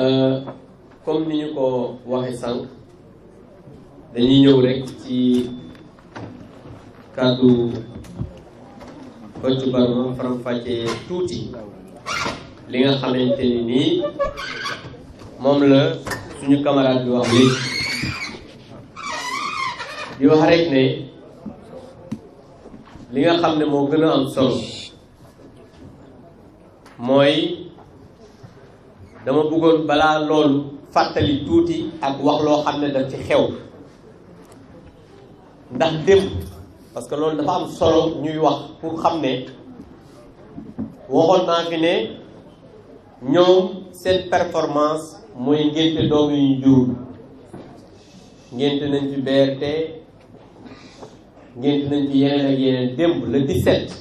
Euh, comme ni ñu ko waxe sànq dañuy ñëw rek ci kàddu Kocc Barma faram-fàccee tuuti li nga xamante ni nii moom la suñu camarade bi wax léegi di wax rek ne li nga xam ne moo gën a am solo mooy dama bëggoon balaa loolu fàttali tuuti ak wax loo xam ne daf ci xew ndax démb parce que loolu dafa am solo ñuy wax pour xam ne waxoon naa fi ne ñoom seen performance mooy ngénte doom yu ñu jur ngénte nañ ci BRT ngénte nañ ci yeneen ak yeneen démb le 17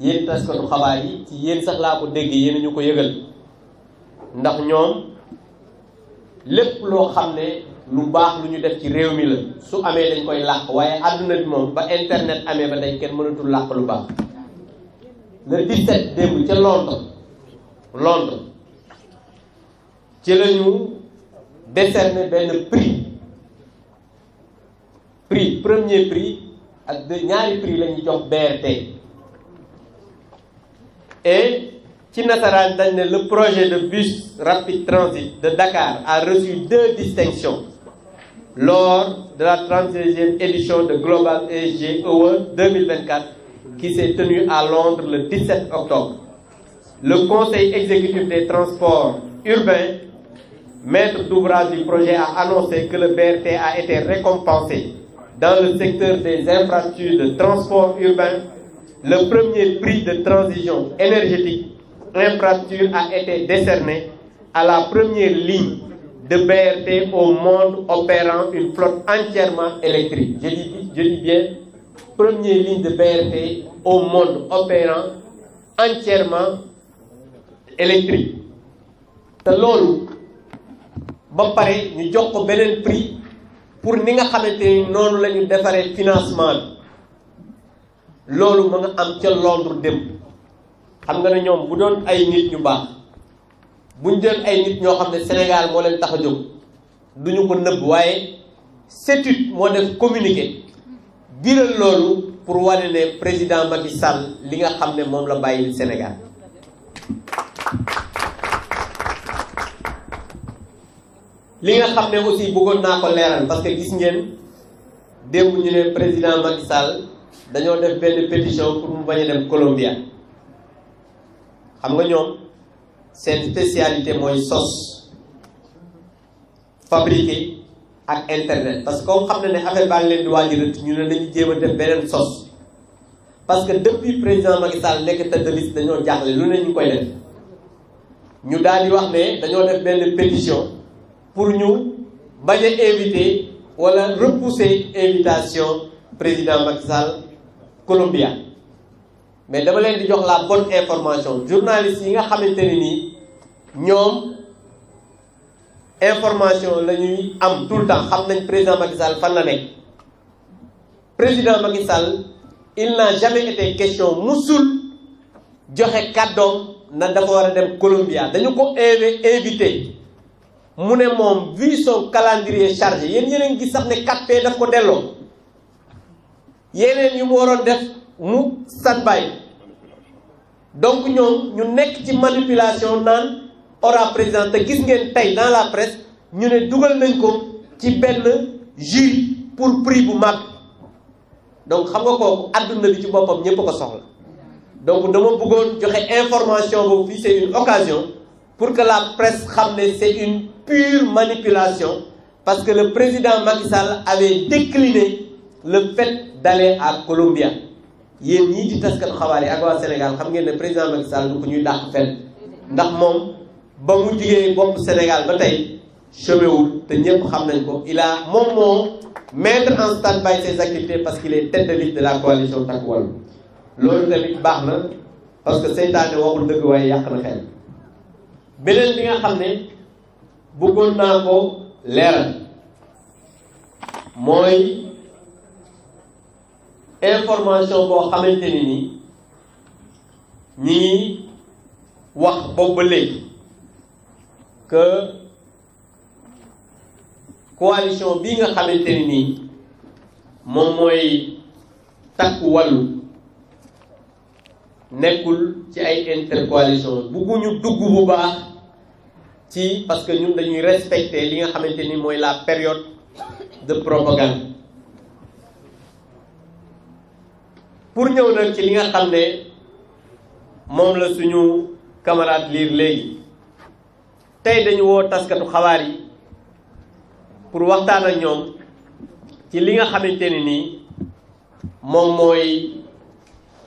yéen taskatu xabaar yi ci yéen sax laa ko déggee yéen ñu ko yëgal ndax ñoom lépp loo xam ne lu baax lu ñu def ci réew mi la su amee dañ koy làq waaye àdduna bi moom ba internet amee ba tey kenn mënatul làq lu baax le 17 démb ca Londres Londres ci la ñu décerné benn prix prix premier prix ak de ñaari prix la ñuy jox BRT et le projet de bus rapide transit de Dakar a reçu deux distinctions lors de la 36e édition de Global ESG 2024 qui s'est tenue à Londres le 17 octobre. Le Conseil exécutif des transports urbains, maître d'ouvrage du projet, a annoncé que le BRT a été récompensé dans le secteur des infrastructures de transport urbain le premier prix de transition énergétique infrastructure a été décernée à la première ligne de BRT au monde opérant une flotte entièrement électrique. Je dis, bien, première ligne de BRT au monde opérant entièrement électrique. C'est loolu ba pare ñu jox ko un prix pour nous nga un financement C'est ce ma nga am Londres xam nga ne ñoom bu doon ay nit ñu baax buñ jël ay nit ñoo xam ne Sénégal moo leen tax a du ñu ko nëbb waaye CETUD moo def communiqué biral loolu pour wane ne président Macky Sall li nga xam ne moom la bàyyil Sénégal li nga xam ne aussi bëggoon naa ko leeral parce que gis ngeen démb ñu ne président Macky Sall dañoo def benn pétition pour mu bañ a dem Colombia xam nga ñoom seen spécialité mooy sos fabriqué ak internet parce que comme xam na ne affaire baa ngi leen di waaj rëdd ñu ne dañu jéem a def beneen sos parce que depuis président Macky Sall nekk tête liste dañoo jaaxle lu ne ñu koy def ñu daal di wax ne dañoo def benn pétition pour ñu bañ a invité wala repousser invitation président Macky Sall Colombia mais dama leen di la bonne information journaliste yi nga information la am tout le temps nañ président la président il n'a jamais été question musul joxe kàddoom na dafa dem Colombia dañu ko invité son calendrier chargé sax 4 daf ko yeneen yu def mu sat donc nous ñu une ci manipulation qui aura présenté, gis dans la presse ñu ne duggal nañ ko ci benn jury pour prix bu mag donc xam nga kooku aduna bi ci bopam ñépp ko soxla donc dama bëggoon joxe information boobu fi c'est une occasion pour que la presse sache que c'est une pure manipulation parce que le président Macky Sall avait décliné le fait d'aller à Colombie yéen ñii di taskat xabaar yi ak waa Sénégal xam ngeen ne président Macky Sall du ko ñuy dàq fenn ndax moom ba mu jugee bopp Sénégal ba tey chômewul te ñëpp xam nañ ko il a moom moo mettre en stand-by ses activités parce qu'il est tête de liste de la coalition Takku Wallu loolu tamit baax na parce que seytaane waxul dëgg waaye yàq na xel beneen bi nga xam ne bëggoon naa ko leeral mooy information bo xamanteni ni ni ñi wax bobu que coalition bi nga xamanteni ni mom moy mooy takku wàllu ci ay intercoalition buguñu dugg bu baax ci parce que ñun dañuy respecter li nga xamanteni ni la période de propagande pour ñëw nag ci li nga xam ne moom la suñu camarade liir léegi tey dañu woo taskatu xabaar yi pour waxtaan ak ñoom ci li nga xamante ne nii moom mooy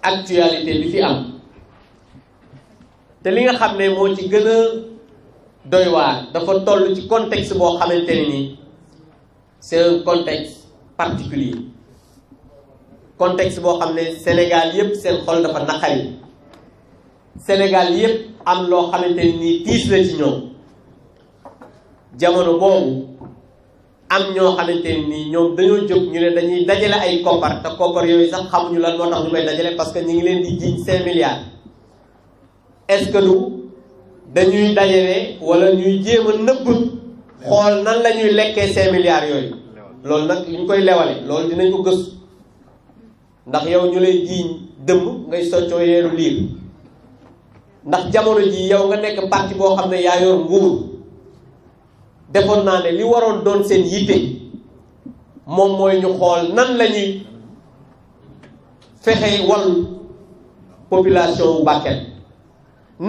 actualité bi fi am te li nga xam ne moo ci gën a doy waar dafa toll ci contexte boo xamante ne nii c'est un contexte particulier contexte boo xam ne Sénégal yépp seen xol dafa naqari Sénégal yépp am loo xamante ni tiis la ci ñoom jamono boobu am ñoo xamante nii ñoom dañoo jóg ñu ne dañuy dajale ay koppar te koppar yooyu sax xamuñu lan moo tax ñu koy dajale parce que ñu ngi leen di jiiñ cinq milliards est que dañuy dajale wala ñuy jéem a nëbb xool nan la ñuy lekkee cinq milliards yooyu loolu nag ñu koy lewale loolu dinañ ko gëstu ndax yow ñu lay jiiñ dëmm ngay soccoo yeelu liir ndax jamono ji yow nga nekk parti boo xam ne yaa yor nguur defoon naa ne li waroon doon seen yitte moom mooy ñu xool nan la ñuy fexe wal population wu Bakel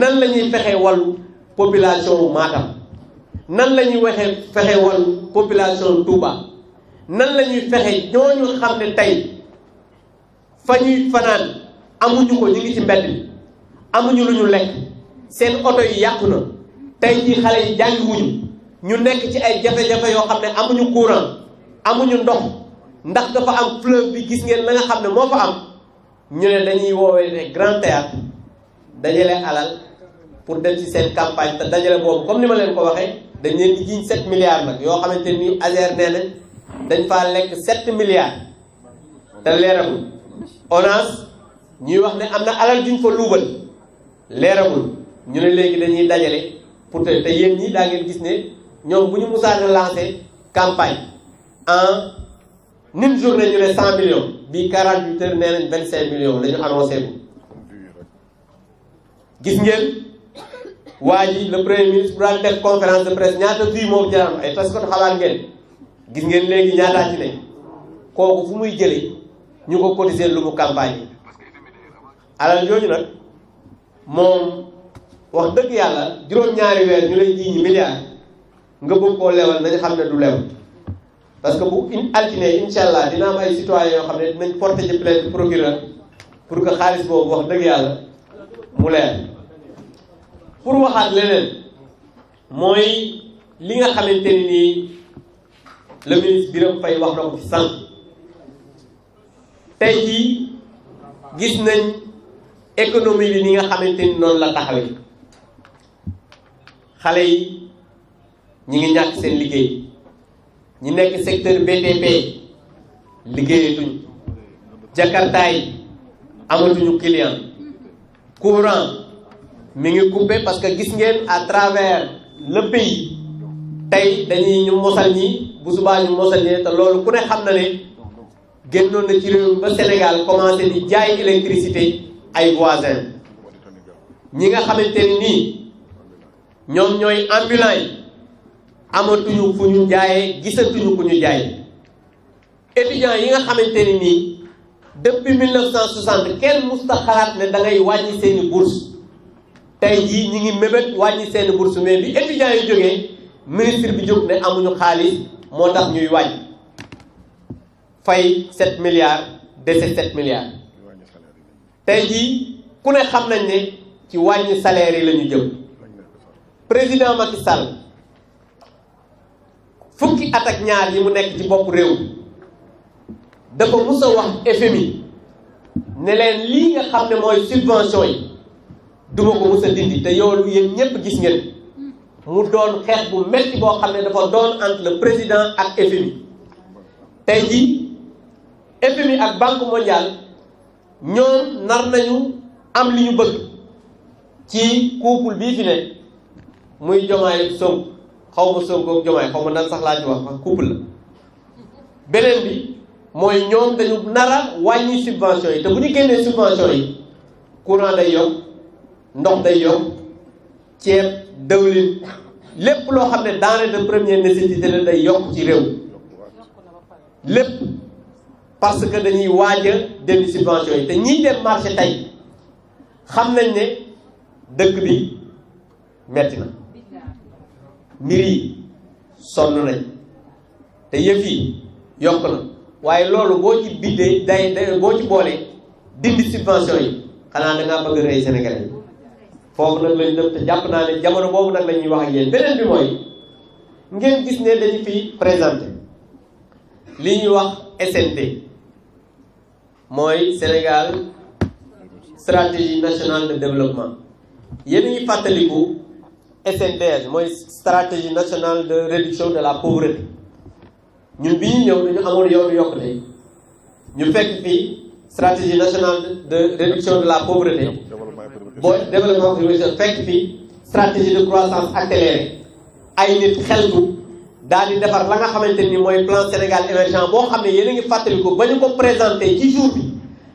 nan la ñuy fexe wal population wu Matam nan la ñuy waxe fexe wal population tuuba nan la ñuy fexe ñooñu xam ne tey fa ñuy fanaan amuñu ko ñu ngi ci mbedd bi amuñu lu ñu lekk seen oto yi yàqu na tey jii xale yi jàngiwuñu ñu nekk ci ay jafe-jafe yoo xam ne amuñu courant amuñu ndox ndax dafa am fleuve bi gis ngeen la nga xam ne moo fa am ñu ne dañuy woowee ne grand théâtre dajale alal pour dem ci seen campagne te dajale boobu comme ni ma leen ko waxee dañ leen di jiñ 7 milliards nag yoo xamante ni ASER nee na dañ faa lekk 7 milliards te leeragu ONAS ñuy wax ne am na alal juñ ko luubal leeramul ñu ne léegi dañuy dajale pour te te yéen ñi daa gis ne ñoom bu ñu musaana lancé campagne en une journée ñu ne cent millions bii quarante huit nee nañ vingt cinq millions la ñu gis ngeen waa ji le premier ministre bu daan def conférence de presse ñaata fii moom jaram ay tas kon xalaat ngeen gis ngeen léegi ñaataa ci ne kooku fu muy jëlee ñu ko cotiser lu mu campagne yi alal jooju nag moom wax dëgg yàlla juróom-ñaari weer ñu lay jiiñ milliards nga bëgg koo lewal nañu xam ne du lew parce que bu in altine incha dina am ay citoyens yoo xam ne nañ porter ci procureur pour que xaalis boobu wax dëgg yàlla mu leer pour waxaat leneen mooy li nga xamante ni nii le ministre Birame wax na ko fi sànq tey jii gis nañ économie bi ni nga xamante ni noonu la taxawee xale yi ñi ngi ñàkk seen liggéey ñi nekk secteur BTP liggéeyatuñ jakartaay amatuñu client courant mu ngi coupé parce que gis ngeen à travers le pays tey dañuy ñu mosal ñi bu subaa ñu mosal ñi te loolu ku ne xam na ne génnoon na ci réew ba Sénégal commencé di jaay électricité ay voisins ñi nga xamante ni nii ñoom ñooy ambulants yi amatuñu fu ñu jaayee gisatuñu ku ñu jaay étudiants yi nga xamante ni depuis 1960 kenn musta xalaat ne da ngay wàññi seeni bourse tey jii ñi ngi mébét wàññi seeni bourse mais bi étudiants yi jógee ministre bi jóg ne amuñu xaalis moo tax ñuy wàññi fay 7 milliards dese 7 milliards tey jii ku ne xam nañ ne ci wàññi salaire yi la jëm président Macky Sall fukki at ak ñaar yi mu nekk ci bopp réew dafa mus a wax FMI ne leen lii nga xam ne mooy subvention yi duma ko mus a dindi te yoolu yéen ñépp gis ngeen mu doon xeex bu metti boo xam ne dafa doon entre le président ak FMI tey jii FMI ak banque mondiale ñoom nar nañu am li ñu bëgg ci couple bii fi ne muy jomaay Sonko xaw ma Sonko ak jomaay xaw ma nan sax laaj ci wax wax couple la beneen bi mooy ñoom dañu nara wàññi subvention yi te bu ñu génnee subvention yi courant day yokk ndox day yokk ceeb dawlin lépp loo xam ne denrée de première nécessité la day yokk ci réew lépp parce que dañuy waaj a dellu subvention yi te ñiy dem marché tey xam nañ ne dëkk bi metti na mbir yi sonn nañ te yëf yi yokk na waaye loolu boo ci biddee day day boo ci boolee dindi subvention yi xanaa da ngaa bëgg rey Sénégalais yi foofu nag lañ dem te jàpp naa ne jamono boobu nag la ñuy wax ak yéen bi mooy ngeen gis ne dañu fi présenté li ñuy wax SNT Moy Sénégal stratégie nationale de développement y a ngi SNDS moy stratégie nationale de réduction de la pauvreté ñun bi ñu dañu dañu amoon yoonu yokkute ñu fekk fi stratégie nationale de réduction de la pauvreté Nous développement prioritaire fekk stratégie de croissance accélérée ay nit xeltu daal di defar la nga xamante ni mooy plan Sénégal émergent boo xam ne yéen a ngi fàttali ko ba ñu ko présenté ci jour bi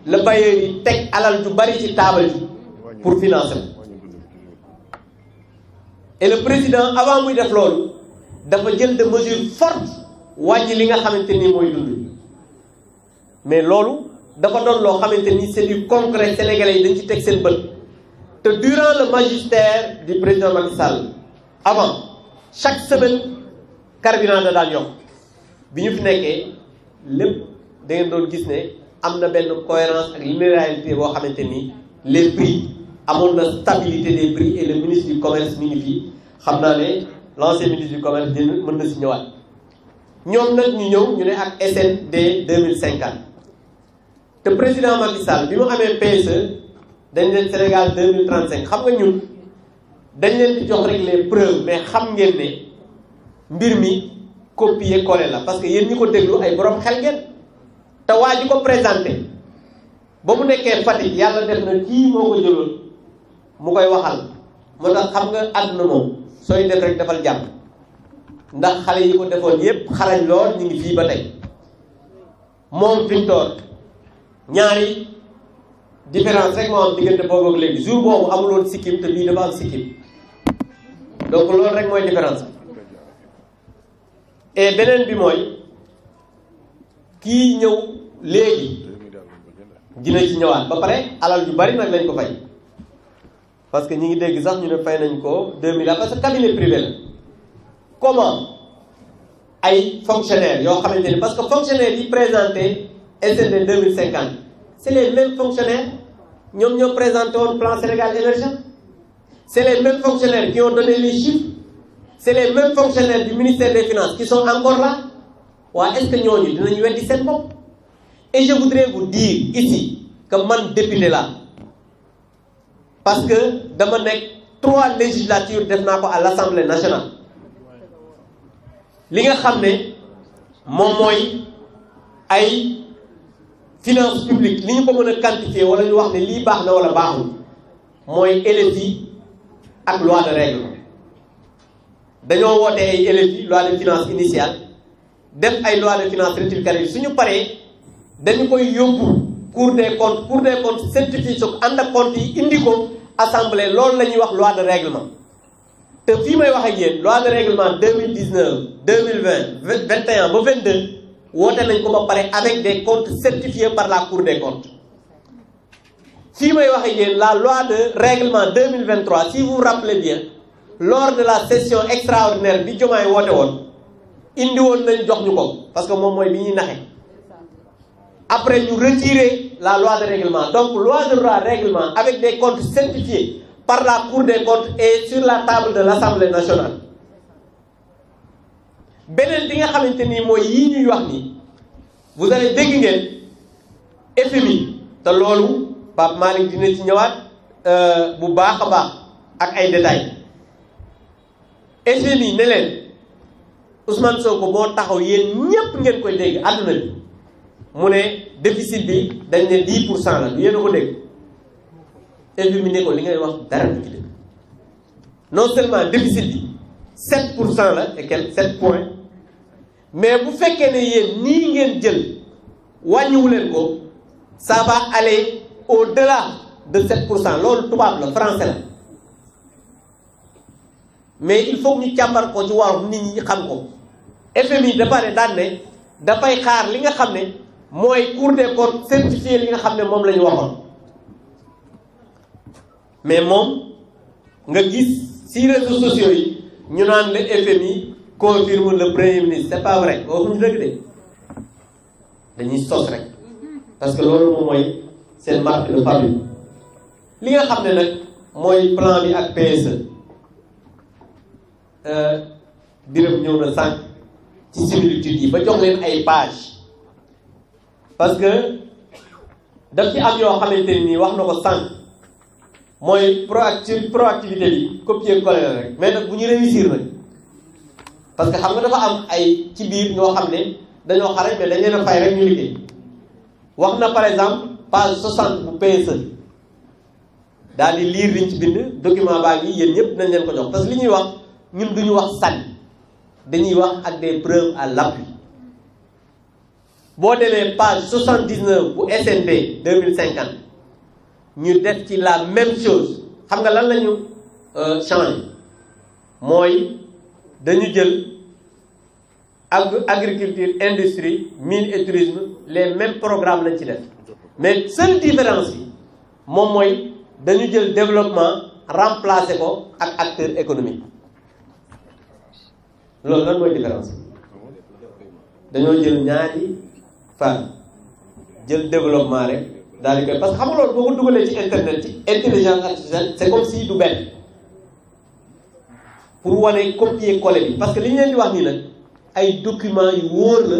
la bailleur yi teg alal ju bari ci table bi pour financer et le président avant muy def loolu dafa jël de mesures fortes wàññi li nga xamante ni mooy dund mais loolu dafa doon loo xamante ni c'est du concret sénégalais yi dañ ci teg seen bët te durant le magistère du président Macky Sall avant chaque semaine carburant da daan biñu bi ñu fi nekkee lépp da ngeen doon gis né amna na benn cohérence ak linéarité bo xamante les prix amon na stabilité des prix et le ministre du commerce mini fi xamna né naa ne l'ancien ministre du commerce dina mën na si ñëwaat ñom nak ñu ñëw ñu né ak SND 2050 te président Macky Sall bi mu amee PSE dañ leen Sénégal 2035 xam nga ñun dañ leen di jox rek les preuves mais xam ngeen ne mbir mi copier coller la parce que yéen ñi ko déglu ay borom xel ngeen te waa ji ko présenté ba mu nekkee Fatick yàlla def na kii moo ko jëloon mu koy waxal moo tax xam nga àdduna moom sooy def rek defal jàmm ndax xale yi ko defoon yépp xalañ lool ñu ngi fii ba tey moom fi mu toog ñaari différence rek moo am diggante boobu ak léegi jour boobu amuloon sikkim te bii dafa am sikkim donc loolu rek mooy différence et benen bi mooy kii ñëw léegi dina ci ñëwaat ba paré alal yu bari nag lañ ko fay parce que ñi ngi dégg sax ñu ne fay nañ ko 2000. parce que cabinet privé comment ay fonctionnaires yo xamante ni parce que fonctionnaires yi présenté SND 2050 c'est les mêmes fonctionnaires ñom ñoo présenté un plan Sénégal émergent c'est les mêmes fonctionnaires qui ont donné les chiffres c'est les mêmes fonctionnaires du ministère des Finances qui sont encore là. Ouais, est-ce que nous avons Et je voudrais vous dire ici que man député là, parce que dama nekk trois législatures def à l'Assemblée nationale li nga vous savez, moom ay finances publiques li ñu ko mën a quantifier wala ñu wax ne lii baax na wala baaxul mooy élèves ak loi de règlement dañoo woote ay LFI loi de finance initiale def ay loi de finance rectificative suñu paree dañu koy yóbbu cour des comptes cour des comptes certifie ko ànd ak comptes yi indi ko assemblée loolu la wax loi de règlement te fii may wax ak loi de règlement 2019 2020 21 ba 22 woote nañ ko ba pare avec des comptes certifiés par la cour des comptes fii may wax ak la loi de règlement 2023 si vous vous rappelez bien lors de la session extraordinaire bi Diomaye woote woon indi won nañ jox ñu ko parce que mom moy bi ñuy après ñu retirer la loi de règlement donc loi de loi règlement avec des comptes certifiés par la Cour des comptes et sur la table de l'Assemblée nationale benen bi nga xamanteni moy yi ñuy wax ni vous allez dégg ngeen FMI te loolu Pape Malick dina ci ñëwaat euh, bu baax baax ak ay détails échelle yi Ousmane Sonko moo taxaw yeen ñepp ngeen koy dégg aduna bi mu né déficit bi dañ né 10 la yeen ko dégg éliminé ko li ngay wax dara ci dëgg non seulement déficit bi 7 la et quel 7 points mais bu fekkee ne yéen nii ngeen jël wàññiwu leen ko ça va aller au-delà de 7 loolu tubaab la français la mais il faut ñu càmbar ko ci war nit ñi xam ko FMI dafa ne daan ne dafay xaar li nga xam ne mooy Cour des comptes certifié li nga xam ne moom la ñu mais mom nga gis si réseaux sociaux yi ñu naan le FMI confirme le premier ministre c'est pas vrai waxuñu dëgg de dañuy sos rek parce que lolu moom mooy seen marque de fabrique li nga xam ne nag mooy plan bi ak PSE dirëm euh, ñëw na sànq ci similitude yi ba jox leen ay page parce que daf ci am yoo xamante nii wax na ko sànq mooy proacti proactivité bi copier coller rek mais nag bu ñu réussir nag parce que xam nga dafa am ay ci biir ñoo xam ne dañoo xarañ mais dañ leen a fay rek ñu liggéey wax na par exemple page 60 bu PSE daal di lire liñ ci bind document baa ngi yéen ñëpp nañ leen ko jox parce que li ñuy wax ñun duñu wax sànni dañuy wax ak des preuves à l'appui boo la page 79 pour S.N.P. 2050 nous def ci la même chose xam nga lan la ñu euh, changé mooy dañu jël agriculture industrie mine et tourisme les mêmes programmes lañ ci def mais seule différence yi moom mooy dañu jël développement remplacé ko ak acteur économique loolu lan mooy différence dañoo jël ñaari fan jël développement rek daal di koy parce que xam nga loolu boo ko dugalee ci internet ci intelligence artificielle c'est si du benn pour wane copier coller bi parce que li ñu leen di wax nii nag ay documents yu wóor la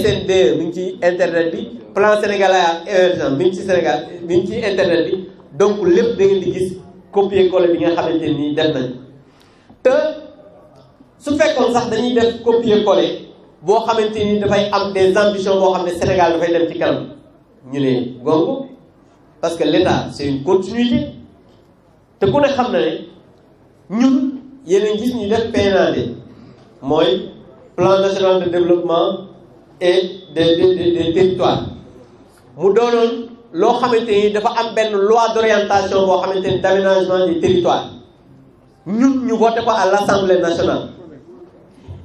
SND mi ngi ci internet bi plan sénégalais émergent bi ngi ci Sénégal mi ngi ci internet bi donc lépp da ngeen di gis copier coller bi nga xamante nii def nañ su comme ça dañuy def copier coller vous xamante ni des ambitions vous avez des Sénégal vous dem ci kanam ñu ne parce que l'État c'est une continuité te savez, ne nous na ne ñun yéen gis ñu def PNAD le plan national de développement et des des des territoires mu doonoon loo xamante ni am lois loi d'orientation boo xamante d'aménagement des territoires nous ñu voté ko à l'Assemblée nationale.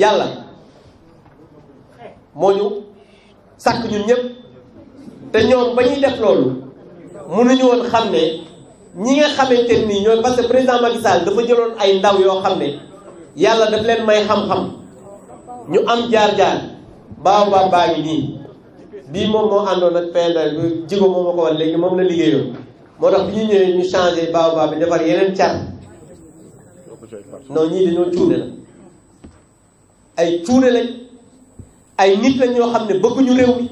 yàlla moo ñu sàkk ñun ñëpp te ñoom ba ñuy def loolu mënuñu woon xam ne ñi nga xamante nii ñooy parce que président Macky dafa jëloon ay ndaw yoo xam ne yàlla daf leen may xam-xam ñu am jaar-jaar baaw baaw baa ngi nii bii moom moo àndoon ak PNR bi jigo moom a ko wax léegi moom la liggéeyoon moo tax bi ñu ñëwee ñu changé baaw baaw bi defar yeneen car non ñii dañoo cuune la ay cuune lañ ay nit lañ ñoo xam ne bëgguñu réew mi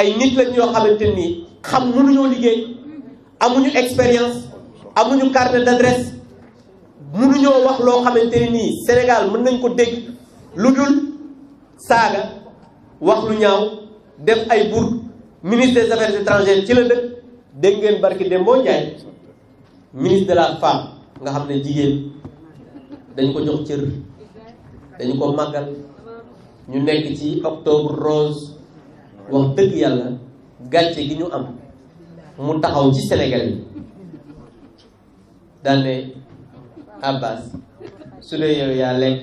ay nit lañ ñoo xamante nii xam mënuñoo liggéey amuñu expérience amuñu carte d'adresse mënuñoo wax loo xamante ni nii Sénégal mën nañ ko dégg lu dul saaga wax lu ñaaw def ay bur ministre des affaires étrangères ci la dëkk dégg ngeen barki Dembo Ndiaye ministre de la nga xam ne jigéen dañ ko jox cër dañu ko màggal ñu nekk ci octobre rose wax dëgg yàlla gàcce gi ñu am mu taxaw ci Sénégal yi daal ne Abbas su dee yow yaa lekk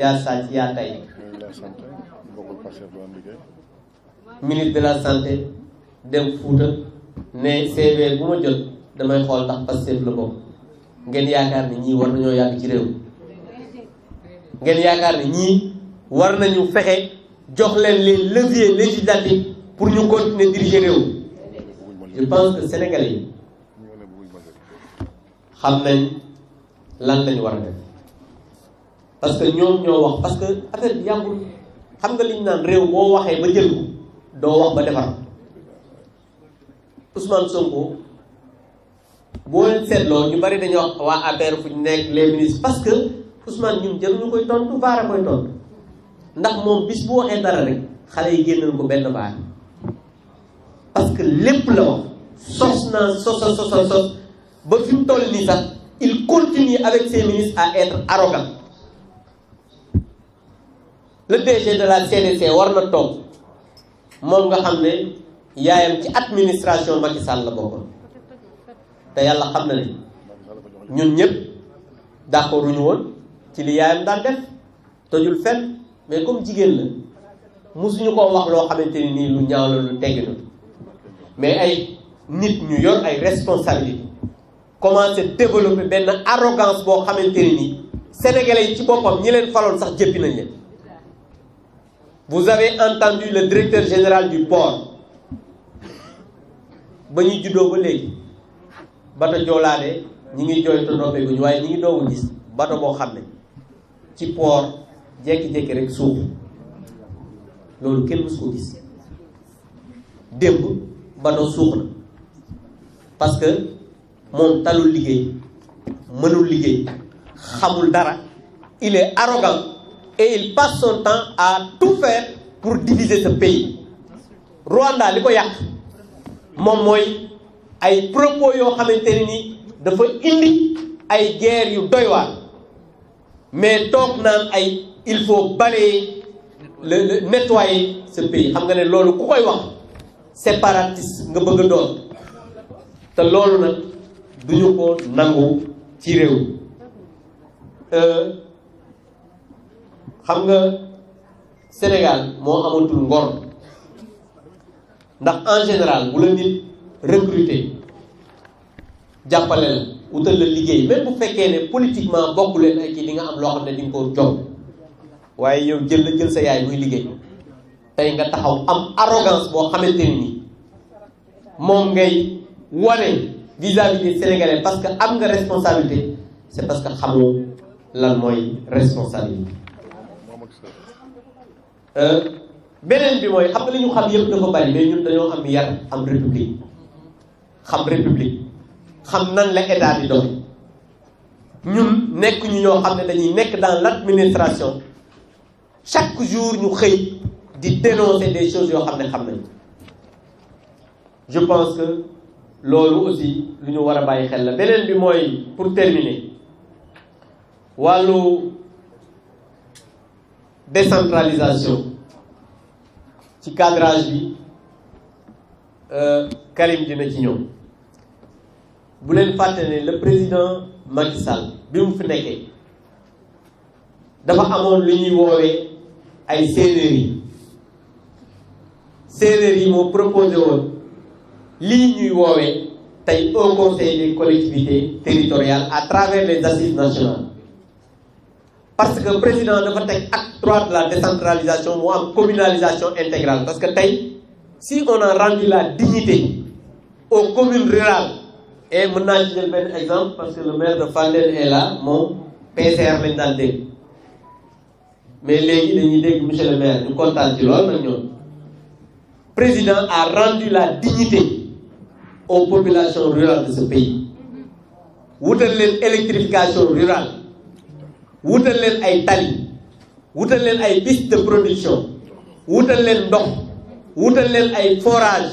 yaa sàcc yaa tay ministre de la santé dem Fuuta ne CV bu ma jot damay xool ndax Pastef la bokk ngeen yaakaar ni ñii war nañoo yàgg ci réew ngeen yaakaar ne ñii war nañu fexe jox leen leen leviers législatifs pour ñu continuer diriger réew je pense que sénégalais yi xam nañ lan lañu war a parce que ñoom ñoo wax parce que affaire bi yàggul xam nga liñ naan réew moo waxee ba jël ko doo wax ba defar Ousmane Sonko boo leen seetloo ñu bari dañuy wax waa APR fu ñu nekk les ministres parce que Ousmane ñun jëluñu koy tontu baara koy tontu ndax mom bis bu waxee dara rek xalé yi génnal ko benn baax parce que lepp la wax sos naa sosa sos ba fim toll ni sax il continue avec ses ministres à être arrogant le DG de la CDC war na toog moom nga xam ne yaayam ci administration Macky Sall la bokkoon te yàlla xam na ne ñun ñëpp d'accord ñu woon ci li yaayam daan def tojul fen mais comme jigéen la musuñu ko wax loo xamante ni lu ñaaw la lu tegg na mais ay nit ñu yor ay responsabilité commencé développer benn arrogance boo xamante ni sénégalais yi ci boppam ñi leen faloon sax jëppi nañ leen vous avez entendu le directeur général du port ba ñuy juddoo ba léegi bato joolaade ñi ngi jooytu ndox mi waaye ñi ngi doogu gis bato boo xam ne ci port jékki-jékki rek suuf loolu kenn mësu ko gis démb bateau na parce que mon talul liggéey mënul liggéey xamul dara il est arrogant et il passe son temps à tout faire pour diviser ce pays Rwanda li ko yàq moom mooy ay propos yoo xamante ne ni dafa indi ay guerre yu doy mais toog nan ay il faut balayer le le nettoyer ce pays xam nga ne lolu ku koy wax séparatiste nga bëgg doon te lolu nak du ko nangu ci réew euh, xam nga Sénégal mo amatul ngor ndax en général bu la nit recruter jàppale la wutal la liggéey même bu fekkee ne politiquement bokk leen ay kii di nga am loo xam ne di nga ko jox waaye yow jël la jël sa yaay muy liggéey tey nga taxaw am arrogance boo xamante ne nii moom ngay wane vis à parce que am nga responsabilité c'est parce que xamoo lan mooy responsabilité. Euh, beneen bi mooy xam nga li ñu xam yëpp dafa bari mais ñun dañoo am yar am république xam république. xam nan la état di dox ñun nekk ñu ñoo xam ne dañuy nekk dans l'administration chaque jour ñu xëy di dénoncer des choses yoo xam ne xam nañ je pense que loolu aussi lu ñu war a bàyyi xel la beneen bi mooy pour terminer wàllu décentralisation ci cadrage bi euh, Karim dina ci ñëw bu leen le le président Macky Sall bi mu fi nekkee dafa amoon lu ñuy woowee ay séeréer yi séeréer proposé au conseil des collectivités territoriales à travers les assises nationales parce que président dafa teg acte droit de la décentralisation ou la communalisation intégrale parce que si on a rendu la dignité aux communes rurales et maintenant je vais donner un exemple parce que le maire de Fandel est là mon PCR mais les dañuy que le maire nous contente. Le président a rendu la dignité aux populations rurales de ce pays Vous leen l'électrification rurale Où leen de production vous leen ndox vous leen forage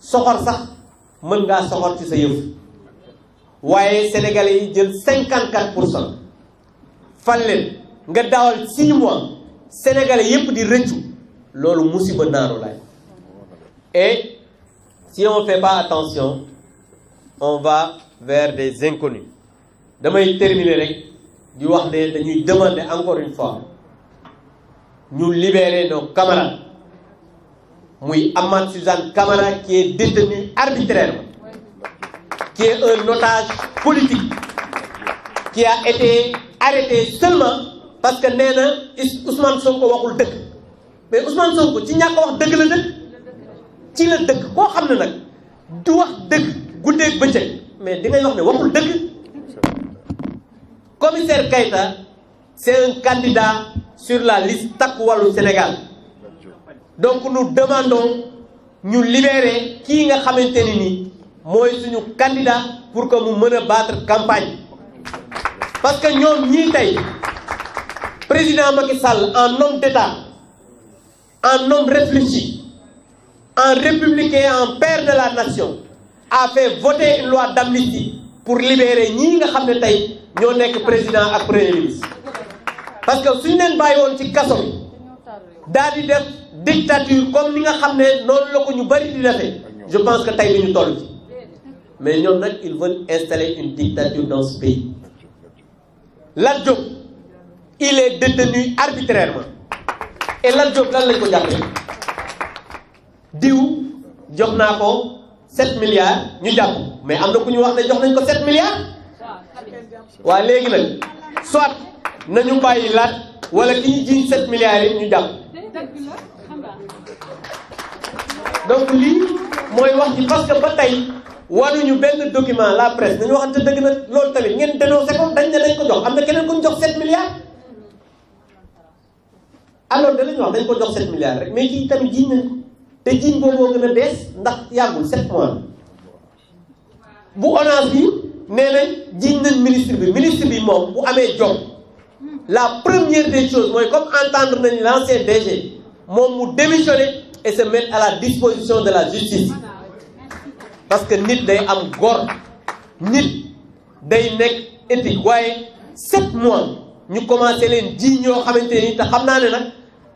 soxor sax mën ngaa soxor ci sa yëf waaye sénégalais yi jël 54 quatre pour cent fal leen nga daawal 6 mois sénégalais yëpp di rëccu loolu musiba naaru laay et si on fait pas attention on va vers des inconnus damay terminer rek di wax ne dañuy demander encore une fois ñu libérer nos camarades oui, Amman Suzanne Kamara qui est détenu arbitrairement qui est un otage politique qui a été arrêté seulement parce que n'est-ce Ousmane Sonko waxul dëgg mais Ousmane Sonko ci n'as pas dëgg le deux ci la dëgg Quoi comme ne du wax le mais tu n'as pas ne le commissaire Kaita, c'est un candidat sur la liste Takoualou au Sénégal donc nous demandons de libérer qui nga xamanteni ni moy suñu candidat pour que nous puissions battre battre campagne parce que ñom ñi Le président Macky Sall homme d'état un homme réfléchi un républicain un père de la nation a fait voter une loi d'amnistie pour libérer ñi nga xam tay ñoo nek président ak premier ministre parce que suñu nous bàyyi ci kasso def dictature comme ni nga xamné ne la ko ñu bari di je pense que tay bi ñu tollu mais ñoom nak ils veulent installer une dictature dans ce pays l'adjo il est détenu arbitrairement et l'adjo Diop lan lañ ko jappé diw jox naa ko 7 milliards ñu japp mais amna ku ñu wax né jox nañ ko 7 milliards wa légui nak soit nañu bàyyi lat wala ki ñu jiiñ 7 milliards ñu jàpp donc lii mooy wax ji parce que ba tey waruñu benn document la presse nañu waxante dëgg na loolu tamit ngeen dénoncé ko dañ ne dañ ko jox am na keneen ku ñu jox 7 milliards. alors da lañu wax dañ ko jox 7 milliards rek mais kii tamit jiñ nañ ko te jiñ booboo gën a dees ndax yàggul 7 mois bu ONAS bi nee nañ jiñ nañ ministre bi ministre bi moom bu amee jom la première des choses mooy comme entendre nañ l'ancien DG. moom mu et se mettre à la disposition de la justice parce que nit day am gor, nit day nek éthique waaye sept mois ñu commencé leen ji ñoo xamante ni te xam naa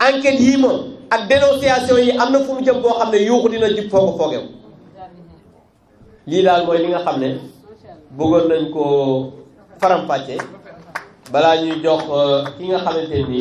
enquête yii moom ak dénonciation yi am na fu mu jëm boo xam ne yuuxu dina jub foo ko foogew lii daal mooy li nga xam ne bëggoon nañ koo faram-fàcce balaa ñuy jox euh, ki nga xamante ni